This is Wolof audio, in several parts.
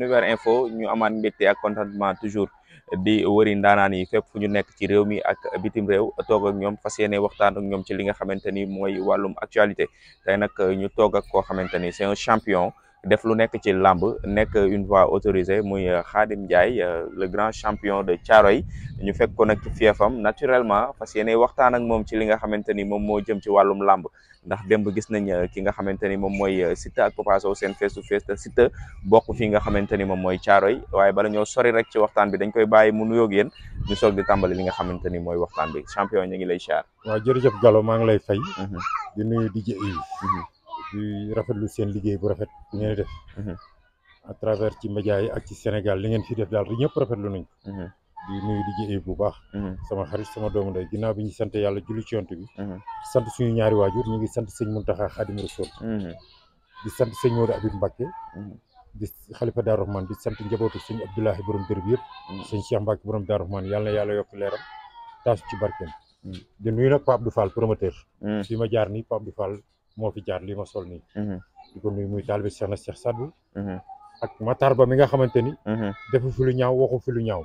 Univers Info ñu amaat mbégte ak contentement toujours bi wëri ndaanaan yi fépp fu ñu nekk ci réew mi ak bitim réew toog ak ñoom fas yéene waxtaan ak ñoom ci li nga xamante ni mooy wàllum actualité tey nag ñu toog ak koo xamante ni c'est un def lu nekk ci làmb nekk une voix autorisée muy euh, Khadim Ndiaye euh, le grand champion de Thiaroye ñu fekk ko nag ci fiefam naturellement parce que yéenay waxtaan ak moom ci li nga xamante ni moom moo jëm ci wàllum làmb ndax démb gis nañ euh, ki nga xamante ni moom mooy Siteu ak Papa Sow seen face to face te bokk fi nga xamante ni moom mooy Thiaroye waaye bala ñoo sori rek ci waxtaan bi dañ koy bàyyi mu nuyoog yéen ñu soog di tàmbali li nga xamante ni mooy waxtaan bi champion ñu ngi lay xaar. waaw jërëjëf Gallo maa ngi lay fay. Mhm. di nuyu mhm. di lu seen liggéey bu rafet bu ngeen def mhm. à ci médias yi ak ci senegal li ngeen fi def daal di ñëpp rafetlu nañ mhm. di nuyu liggéey bu baax mhm. sama xarit sama doomu ndey ginnaaw bi ñu sant yàlla julli ci yonent bi sant suñu ñaari waajur ñu ngi sant sëñ Muntaxa Xaadimu Rasuul di sant sëñ Moodu Abib Mbàkke di xalifa Daaru Rahmaan di sant njabootu sëñ Abdoulahi borom dër bi yëpp sëñ Cheikh Mbàkke borom Daaru yàlla yàlla yokk leeram taas ci barkeem di ma jaar ni Pape moo fi jaar lii ma sol nii. Mhm. di ko nuyu muy taalibe Cheikh na Cheikh Sadou. Mhm. ak Matar Ba mi nga xamante ni. Mhm. defu fi lu ñaaw waxu fi lu ñaaw.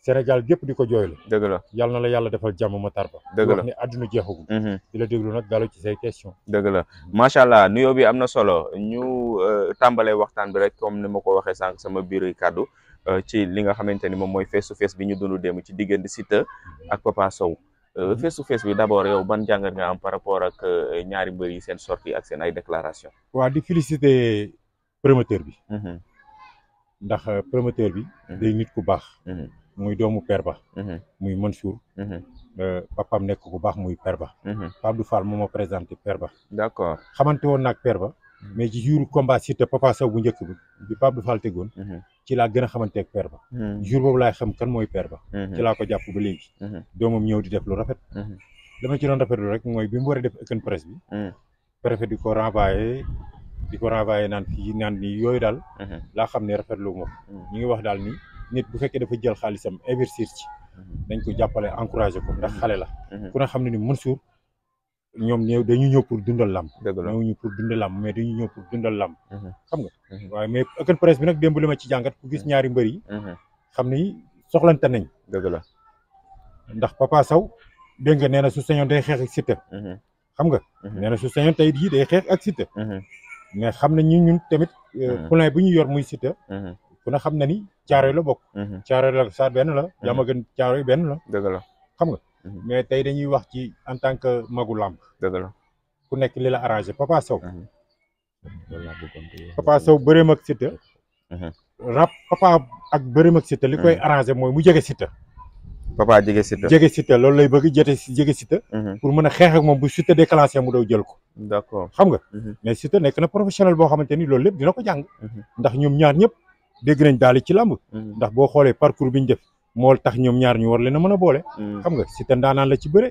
Sénégal gépp di ko jooylu. dëgg la yal na la yàlla defal jàmm Matar Ba. dëgg la wax ni àdduna jeexagul. di la déglu nag dalu ci say question dëgg la macha allah nuyoo bi am na solo ñu euh, tàmbalee waxtaan bi rek comme ni ma ko waxee sànq sama biir kàddu euh, ci li nga xamante ni moom mooy feesu fees bi ñu dundu dem ci diggante Siteu ak Papa Sow. Euh, face to fees bi d'abord yow ban jàngat nga am par rapport ak euh, ñaari mbër yi seen sortie ak seen ay déclaration waaw di féliciter promoteur bi mm-hmm. ndax euh, promoteur bi mm-hmm. day nit ku baax mm-hmm. muy doomu père ba muy Mansour papam nekk ku baax muy père ba Pape Abdou Fall moo ma présenté père ba d'accord xamante woon naag père ba mais ci jour combat Siteu Papa Sow bu njëkk bi bi Pape Abdou Fall tegoon ci laa gën a xamanteeg père ba hmm. jour boobu laay xam kan mooy père ba hmm. ci laa ko jàpp ba léegi hmm. doomam ñëw di def lu rafet dama ci doon rafetlu rek mooy bi mu waree def open presse bi préfet di ko renvoyé di ko renvoyé naan fii naan nii yooyu daal laa xam ne rafetlu ma ñu ngi wax daal ni nit bu fekkee dafa jël xaalisam investir ci dañ ko jàppale encouragé ko ndax xale la ku na xam ne ni Mansour ñoom ñëw dañu ñëw pour dundal làmb ñëwuñu pour dundal làmb mais dañu ñëw pour dundal làmb mhm. xam nga mhm. waaye mais open presse bi nag démb li ma ci jàngat ku gis mhm. ñaari mbër yi xam ni soxlante nañ dëgg la ndax Papa Sow dégg nga nee na su sañoon day xeex ak Siteu xam nga nee su sañoon tey jii day xeex ak Siteu xam na ñu ñun tamit euh, poulain bu ñu yor muy Siteu ku na xam na ni Caaroy la bokk Caaroy la saar benn la Diamaguène Caaroy benn la dëgg la xam nga Mhm. mais tey dañuy wax ci en tant que magu làmb dëgg la ku nekk li la arrangé Papa Sow mhm. Papa Sow bëreem ak Siteu mhm. rap Papa ak bëreem ak Siteu li koy arrangé mooy mu jege Siteu Papa jege Siteu jege Siteu loolu lay bëgg jete jege Siteu pour mën a xeex ak moom bu Siteu déclenché mu daw jël ko d'accord xam nga mais Siteu nekk na professionnel boo xamante ni loolu lépp dina ko jàng ndax ñoom ñaar ñëpp dégg nañ daal ci làmb ndax boo xoolee parcours bi ñu def mool tax ñoom ñaar ñu war leen a mën a boole. Mm. xam nga Siteu ndaanaan la ci bëre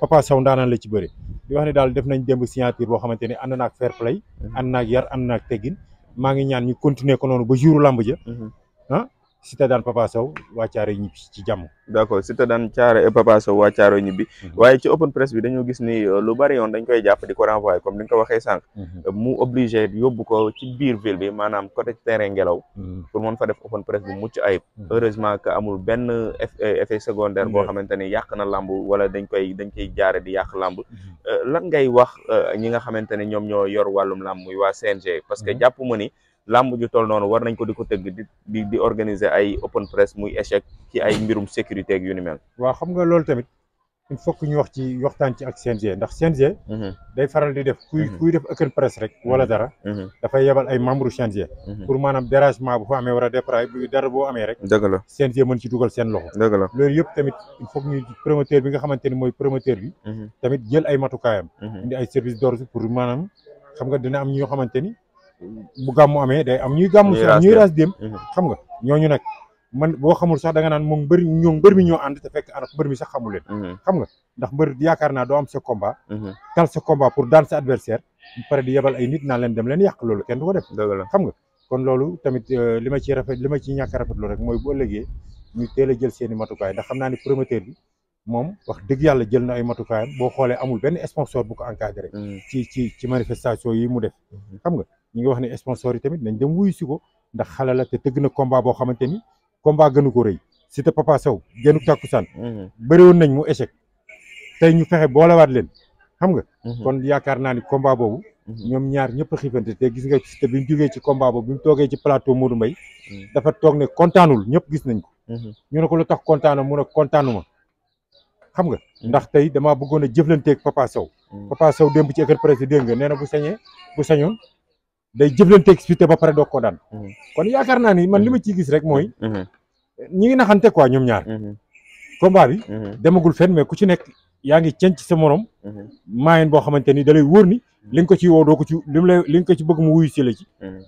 Papa Sow ndaanaan la ci bëre. di wax ne daal def nañ démb signature boo xamante ne ànd naag fair play mm. ànd naag yar ànd naag teggin maa ngi ñaan ñu continuer ko noonu ba jouru làmb ja mm-hmm. ah Siteu daan Papa Sow waa Thiaroye ñibbi ci jàmm. d' accord Siteu daan Thiaroye mhm. waaye ci open press bi dañoo gis ni euh, lu bari yoon dañ koy jàpp di ko renvoyé comme ni nga ko waxee sànq. Mhm. mu obligé yóbbu ko ci biir ville bi maanaam côté terrain ngelaw. Mhm. pour mën fa def open press bu mucc ay heureusement que amul benn euh, effet secondaire boo xamante ni yàq na lamb wala dañ koy dañ koy jaare di yàq lamb. Euh, lan ngay wax ñi nga xamante ne ñoom ñoo yor wàllum lamb muy waa CNG. parce que jàpp ma ni. làmb ju toll noonu war nañ ko di ko tëgg di di organiser ay open press muy échec ci ay mbirum sécurité ak yu ni mel. waaw xam nga loolu tamit il faut ñu wax ci waxtaan ci ak CNG ndax CNG. Mhm. day faral di def kuy mhm. kuy def open press rek. wala mhm. dara. dafay yebal ay membre CNG. pour maanaam dérangement bu fa amee war dara boo amee rek. dëgg la CNG mën ci dugal seen loxo. dëgg la loolu yëpp tamit il faut bi nga xamante ni mooy promoteur bi. tamit jël ay matukaayam. indi ay pour maanaam xam nga dina am ñoo xamante ni. bu gàmmu amee day am ñuy gàmmu si ñuy raas dem uhuh. xam nga ñooñu nag man boo xamul sax da nga naan moom mbër ñoom mbër mi ñoo ànd te fekk ana mbër mi sax xamul leen uhuh. xam nga ndax mbër yaakaar naa doo am sa combat uhuh. tal sa combat pour daan sa adversaire pare di ay nit naan leen dem leen yàq loolu kenn du ko def nga kon loolu tamit euh, li ma ciy rafet li ma ciy ñàkk rafetlu rek mooy boo ëllëgee ñu teel a jël seen i matukaay ndax xam naa ni promoteur bi moom wax dëgg yàlla jël na ay matukaayam boo xoolee amul benn sponsor bu ko encadré ci ci ci manifestation yi mu def xam nga ñu ngi wax ne sponsor yi tamit nañ dem wuyu si ko ndax xale la te tëgg na combat boo xamante ni combat gënu ko rëy Siteu Papa Sow gennu tàkkusaan mhm. bëri woon nañ mu échec tey ñu fexe boolewaat leen xam nga mhm. kon yaakaar naa ni combat boobu mhm. ñoom ñaar ñëpp a xiifante te gis nga Siteu bi mu jógee ci combat boobu bi mu toogee ci plateau Modou Mbaye dafa toog ne kontaanul ñëpp gis nañ ko ñu ne ko lu tax kontaana mun a kontaanuma xam nga ndax tey damaa bëggoon a jëflanteeg Papa Sow Papa Sow démb ci école dégg nga nee na bu sañee bu sañoon day jëflante expliqué ba pare doog koo daan. Mhm. kon yaakaar naa ni man li ma ciy gis rek mooy. Mhm. Mhm. ñi ngi naxante quoi ñoom ñaar. combat bi. demagul fenn mais ku ci nekk yaa ngi cenc sa morom mhm. maayen boo xamante ni da lay wóor ni mhm. li nga ko ci woo doo ko ci li mu lay li nga ko ci bëgg mu wuyu si la ci mhm.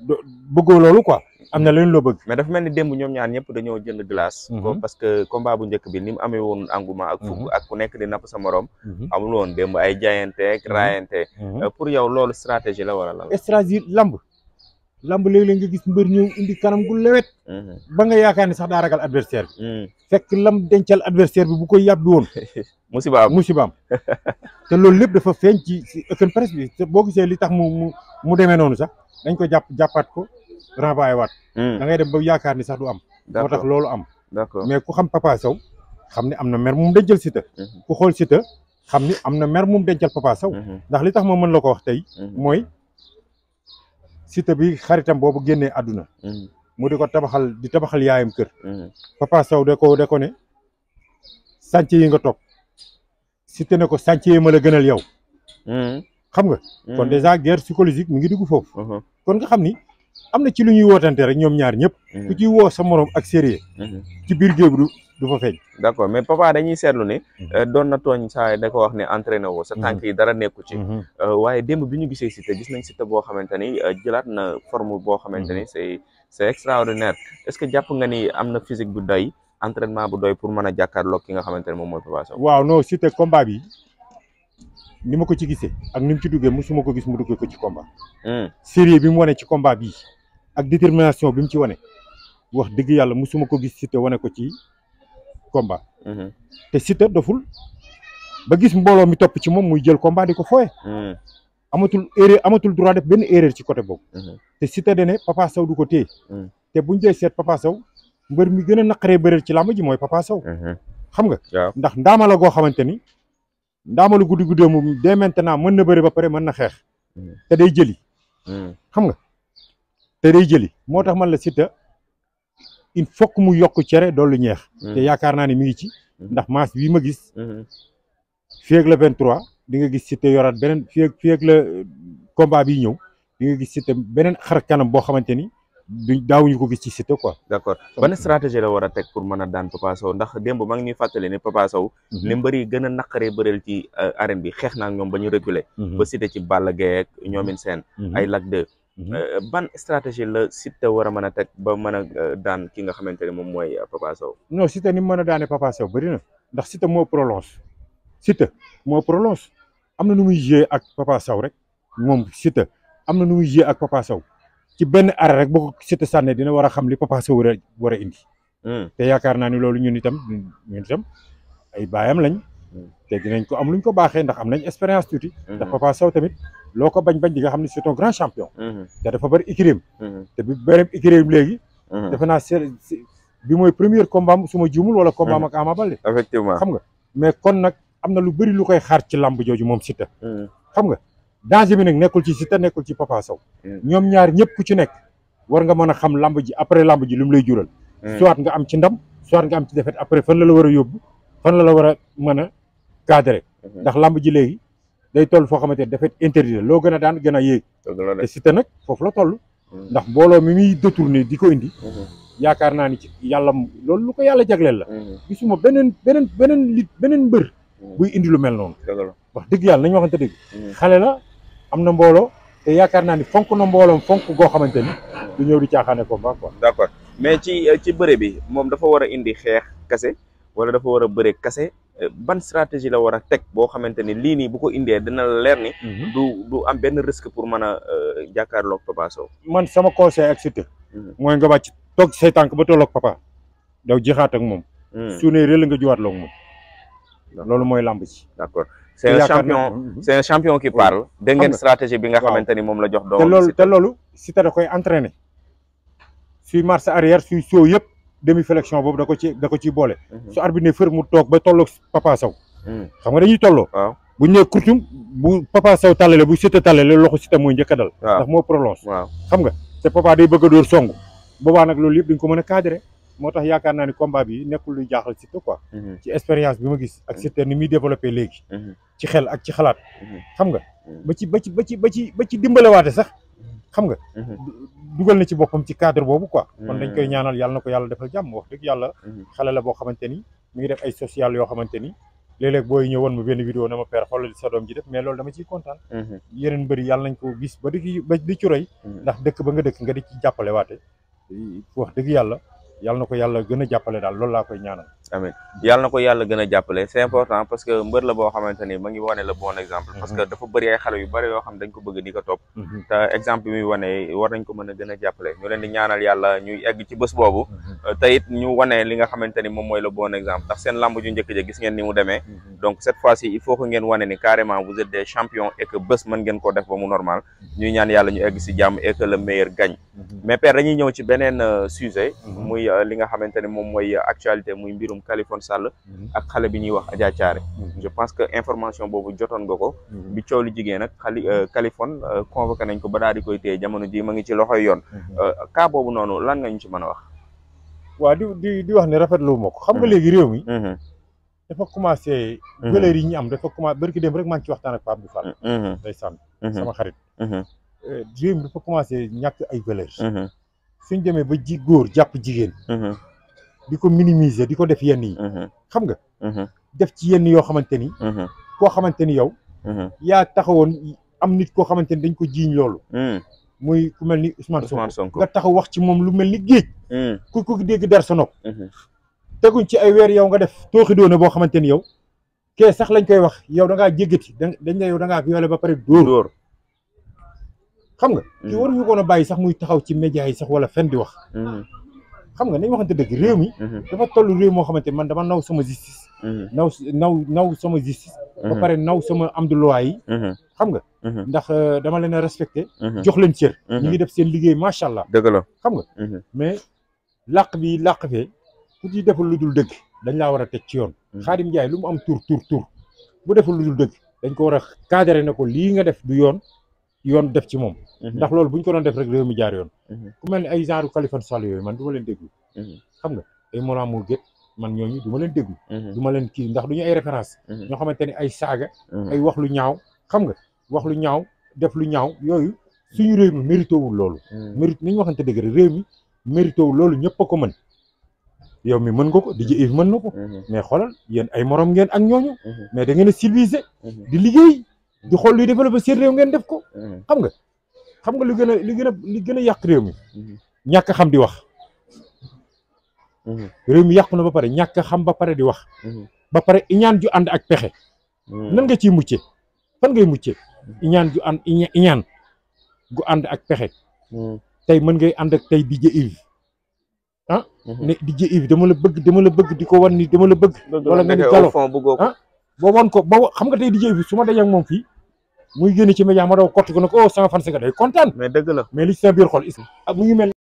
bëggoo loolu quoi am na leen loo bëgg mais dafa mel ni démb ñoom ñaar ñëpp dañoo jënd glace comme parce que combat bu njëkk bi ni mu amee woon engouement ak fukk ak ku nekk di napp sa morom amul woon démb ay jaayante ak raayante euh, pour yow loolu stratégie la wala la stratégie lamb lamb léeg-léeg nga gis mbër ñëw indi kanam gu lewet mhm. ba nga yaakaar ne sax daa ragal adversaire bi mhm. fekk lam dencal adversaire bi bu koy yàbbi woon musibaam musibaam te loolu lépp dafa feeñ ci si open bi te boo gisee li tax mu mu mu demee noonu sax dañ ko jàpp jàppaat ko renvoyé waat mhm. da ngay dem ba yaakaar ni sax du am moo tax loolu am mais ku xam Papa Sow xam ni am na mer moom dencal Siteu ku xool Siteu xam ni am na mer moom dencal Papa Sow ndax li tax ma mën la ko wax tey mooy Siteu bi xaritam boobu génnee àdduna. Mm. mu di ko tabaxal di tabaxal yaayam kër. Mm. Papa Sow da ko da ko ne sànc yi nga topp Siteu ne ko sànc yi ma la gënal yow. Mm. xam nga. kon déjà guerre psychologique mu ngi dugg foofu. Uh-huh. kon nga xam ni am na ci lu ñuy wotante rek ñoom ñaar ñëpp. ku ci woo sa morom ak sérieux. Mm-hmm. ci biir géew du du fa feeñ d' mais papa dañuy seetlu ne mhm. euh, doon na tooñ saa da ko wax ne entraîné woo sa mhm. tànk yi dara nekku ci mhm. euh, waaye démb bi ñu gisee Siteu gis nañ Siteu boo xamante ni euh, jëlaat na forme boo xamante ni c' est c' est extraordinaire est ce que jàpp nga ni am na physique bu doy entraînement bu doy pour mën a jàkkaarloog ki nga xamante ne moom mooy Papa Sow waaw non Siteu combat bi ni ma ko ci gisee ak ni mu ci duggee musuma ko gis mu duggee ko ci combat hmm. bi mu ci combat bi ak détermination bi mu ci wane dëgg yàlla musuma ko gis Siteu wane ko ci combat. Mhm. te Siteu doful ba gis mbooloo mi topp ci moom muy jël combat di ko fooye. Mhm. amatul erreur amatul droit def benn erreur ci côté boobu. Mhm. te Siteu da ne Papa Sow du ko téye. te buñ dee seet Papa Sow mbër mi gën a naqaree bëreel ci làmb ji mooy Papa Sow. xam nga ndax ndaamala goo xamante ni ndaama guddi guddee moom dès mën na bëri ba pare mën na xeex. te day jëli. xam nga te day jëli moo tax man la Siteu il faut mu yokk cere dollu ñeex. Mm-hmm. te yaakaar naa ne mi ngi ci. Mm-hmm. ndax masse bii ma gis. Mm-hmm. fii ak le 23 di nga gis Siteu yoraat beneen fii ak fii ak le bi ñëw di nga gis Siteu beneen xar kanam boo xamante ni duñ daawuñu ko gis ci Siteu quoi. d' accord ban stratégie la war a teg pour mën a daan Papa Sow ndax démb maa ngi ñuy fàttali ne Papa Sow. li mbër yi gën a naqaree bëreel ci euh, arène bi xeex naa ak ñoom ba ñu reculer. ba Siteu ci Balla Gaye ak ñoomin seen. ay Lac 2. Euh, mhm. ban stratégie la Siteu war a mën a teg ba mën a euh, daan ki nga xamante ne moom mooy euh, Papa Sow. non Siteu ni mu mën a daane Papa Sow bëri ndax Siteu moo prolonge Siteu moo prolonge am na nu muy jouer ak Papa Sow rek moom sita am na nu muy jouer ak Papa Sow ci benn arrêt rek boo ko sànnee dina war a xam li Papa Sow war war a indi. Hmm. te yaakaar naa ni loolu ñun itam ñun itam ay baayam lañ. Hmm. te dinañ ko am luñ ko baaxee ndax am nañ expérience tuuti. Hmm. ndax Papa Sow tamit loo ko bañ bañ di nga xam ne c'est un grand champion. Mhm. te dafa bari écurie mhm. te bi bëri écurie léegi. Mhm. defe naa bi mooy premier combat su ma juumul wala combat ak Ama Baldé. effectivement xam nga mais kon nag am na lu bëri lu koy xaar ci làmb jooju moom Siteu. xam nga danger bi nag nekkul ci Siteu nekkul ci Papa Sow. ñoom ñaar ñëpp ku ci nekk war nga mën a xam làmb ji après làmb ji lu mu lay jural. soit nga am ci ndam soit nga am ci défaite après fan la la war a yóbbu fan la la war a mën a cadré. ndax làmb ji léegi. day toll foo xamante ne dafa interdit loo gën a daan gën a yéeg te Siteu nag foofu la toll mm. ndax mbooloo mi muy détourné di ko indi mm-hmm. yaakaar naa ni ci yàlla loolu lu ko yàlla jagleel la mm-hmm. gisuma beneen beneen beneen lit beneen mbër mm-hmm. buy indi lu mel noonu wax dëgg yàlla nañu waxante dëgg xale la am na mbooloo te yaakaar naa ni fonk na mbooloom fonk goo xamante ni du ñëw di caaxaane combat quoi d'accord mais ci ci bëre bi moom dafa war a indi xeex kase wala dafa war a bëre kase ban stratégie la war a teg boo xamante ni lii nii bu ko indee dina la leer ni. Mhm. du du am benn risque pour mën a euh, jàkkaarloog Papa Sow. man sama conseil ak Siteu. Mhm. mooy nga wàcc toog say tànk ba tolloog Papa. daw jeexaat ak moom. Mhm. su ne nga jiwaat loog moom. loolu mooy lamb ci. d'accord c'est un champion c'est un champion qui parle. dégg ngeen stratégie bi nga xamante ni moom la jox. doomam te loolu te loolu Siteu da koy entraîner. suy marche arrière suy soow yëpp. demi flexion boobu da ko ci da ko ciy boole. Mhm. su arbitre fër mu toog ba tolloog Papa Sow. Hmm. xam nga dañuy tolloo. waaw bu ñëwee kurtum bu Papa Sow tàllale bu Siteu tàllale loxo Siteu mooy njëkk a dal. ndax moo prolonge. xam nga te Papa day bëgg a dóor boobaa nag loolu yëpp dañ ko mën a cadré moo tax yaakaar naa ni combat bi nekkul luy jaaxal Siteu quoi. Mhm. ci expérience bi ma gis ak mhm. Siteu ni muy développé léegi. ci xel ak ci xalaat. xam nga ba ci ba ci ba ci ba ci dimbalewaate sax. xam nga mhm. dugal na ci boppam ci cadre boobu quoi kon dañ koy mhm. ñaanal yàlla na ko yàlla defal jàmm wax dëgg yàlla mhm. xale la boo xamante ni mi ngi def ay social yoo xamante ni léeg-léeg booy ñëwoon mu benn vidéo na ma père xoolal sa doom ji def mais loolu dama ciy kontaan yeneen mbëri yàlla nañ ko gis ba di ba di ci roy ndax dëkk ba nga dëkk nga di ci jàppale waate wax dëgg yàlla yàlla na ko yàlla gën a jàppale daal loolu laa koy ñaanal amit yàlla na ko yàlla gën a jàppale c'est important parce que mbër la boo xamante ni ma ngi wane la bon exemple mhm. parce que dafa bëri ay xale yu bëri yoo xam dañ ko bëgg di ko topp mhm. te exemple muy wane war nañ ko mën a gën a jàppale ñu leen ñaanal yàlla ñuy egg ci bés boobu mhm. te it ñu wane li nga xamante ni moom mooy la bon exemple ndax seen lamb ju njëkk ja gis ngeen ni mu demee mhm. donc cette fois-ci il faut que ngeen wane ni carrément vous êtes des champions et man bés ngeen ko def ba mu normal mhm. ñuy ñaan yàlla ñu egg si jàmm et que le meilleur gagne mhm. mais père dañuy ñëw ci beneen euh, sujet muy euh, li nga xamante ni moom mooy actualité muy mbirum Khaliphone Sall ak xale bi ñuy wax Adja Thiaré je pense que information boobu jotoon nga ko bi coow li jigéen nag xali euh, nañ ko ba daal di koy téye jamono ji ma ngi ci loxoy yoon cas boobu noonu lan nga ci mën a wax waaw di di di wax ne rafetlu ma ko. xam nga mhm. léegi réew mi. Mhm. dafa commencé. Mhm. valeur yi ñu am dafa commencé barki dem rek maa ngi ci waxtaan ak Pape Abdou Fall. day sànn sama xarit. Euh, réew mi dafa commencé ñàkk ay valeur suñ demee ba ji góor jàpp jigéen. di ko minimiser di ko def yenn yi. xam nga. def ci yenn yoo xamante ni. koo xamante ni yow. yaa taxawoon am nit koo xamante ni dañ ko jiiñ loolu. muy ku mel ni Ousmane Sonko nga taxaw wax ci moom lu mel ni géej hmm. ku ku dégg der sa nopp hmm. teguñ ci ay weer yow nga def tooxi doona boo xamante ni yow kee sax lañ koy wax yow dangaa ngaa jéggati dañ ne da ngaa violé ba pare dóor xam nga ki hmm. waruñu koon a bàyyi sax muy taxaw ci média yi sax wala fen di wax xam nga nañ waxante dëgg réew mi dafa toll réew moo xamante man dama naw sama justice naw naw naw sama justice ba mhm. pare naw sama am du loi yi mhm. xam nga mhm. ndax euh, dama leen a respecté jox leen cër ñu ngi def seen liggéey macha allah dëgg la xam nga mais làq bi làq fee ku ci deful lu dul dëgg dañ laa war a teg ci yoon Xaadim Njaay lu mu am tur tur tur bu deful lu dul dëgg dañ ko war a cadré na ko lii nga def du yoon yoon def ci moom ndax loolu bu ñu ko doon def rek réew mi jaar yoon ku mel ni ay genre Khalifa Sall yooyu man du ma leen déglu xam nga ay Moran moo gét man ñooñu du ma leen déglu mhm. du ma leen kii ndax du ñu ay référence mhm. ñoo xamante ne ay saaga mhm. ay wax lu ñaaw xam nga wax lu ñaaw def lu ñaaw yooyu suñu réew mi mérité wul loolu mérite nañu waxante dëgg rek réew mi mérité wul loolu ñëpp a ko mën yow mi mën nga ko DJ mën na ko mais xoolal yéen ay morom ngeen ak ñooñu mais da ngeen a civilisé di liggéey di xool luy développé seen réew ngeen def ko xam nga xam nga lu gën a li li gën a yàq réew mi ñàkk xam di wax Mhm. réew mi yàqu na ba pare ñàkk xam ba pare di wax. Mhm. ba pare iñaan ju ànd ak pexe. Mhm. nan nga ciy mucce fan ngay mucce iñaan ju ànd iñaan gu ànd ak pexe. tey mën ngay ànd ak tey DJ Yves ah. ne DJ Yves dama la bëgg dama la bëgg di ko wan ni dama la bëgg. wala nga ni jalo ah wan ko ba xam nga tey DJ Yves su ma dajee ak moom fii. muy génn ci média ma daw kott ko ne ko oh fan si nga day kontaan. mais dëgg la mais li ci sa biir xol is ah, mu mel.